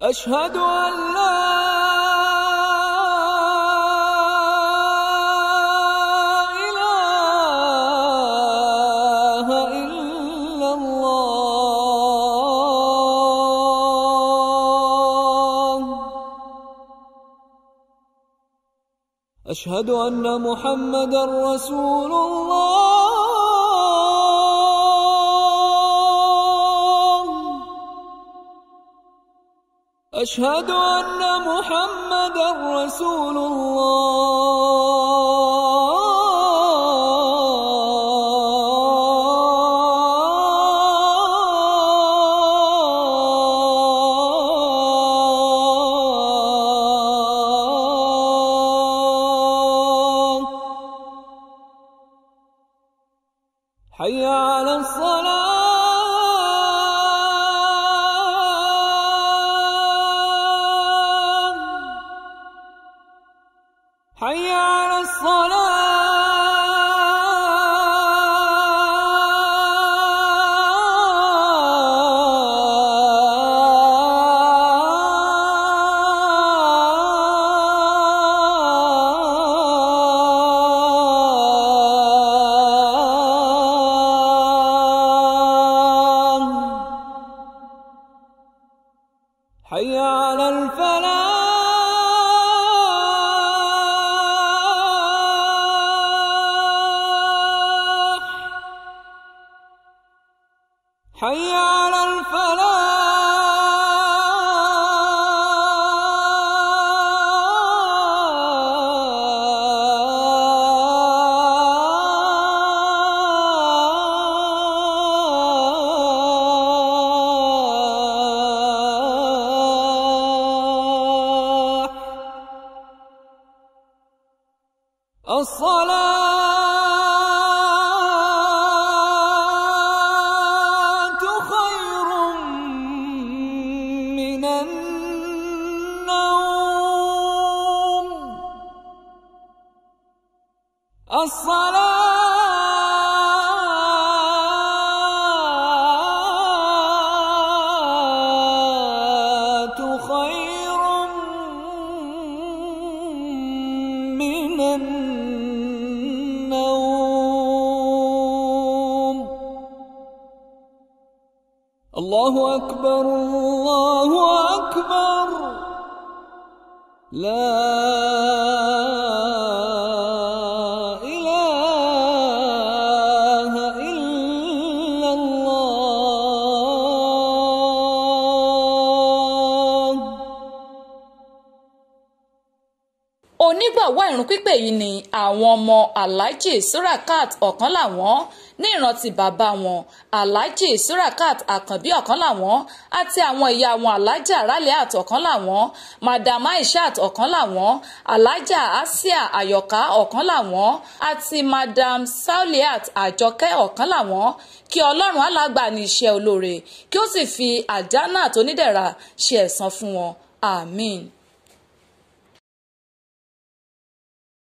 أشهد أن لا إله إلا الله أشهد أن محمد رسول الله أشهد أن محمد رسول الله حي على الصلاة حي على الصلاه حي على الفلاح حي على الصلاه النوم الصلاة خير من النوم الله أكبر الله أكبر لا onígbọ̀wọ́ ìrun pípè yìí ni àwọn ọmọ alhaji surakat ọ̀kan làwọn ní ìrántí bàbá wọn alhaji surakat àkànbí ọ̀kan làwọn àti àwọn ìyá wọn alhaja raliat ọ̀kan làwọn madam aishat ọ̀kan làwọn alhaja asia ayọ̀ká ọ̀kan làwọn àti madam sauliat àjọkẹ́ ọ̀kan làwọn kí ọlọ́run alàgbà ní iṣẹ́ olóore kí ó sì fi àjánà tó nídẹ̀ra ṣe ẹ̀san fún wọn àmín.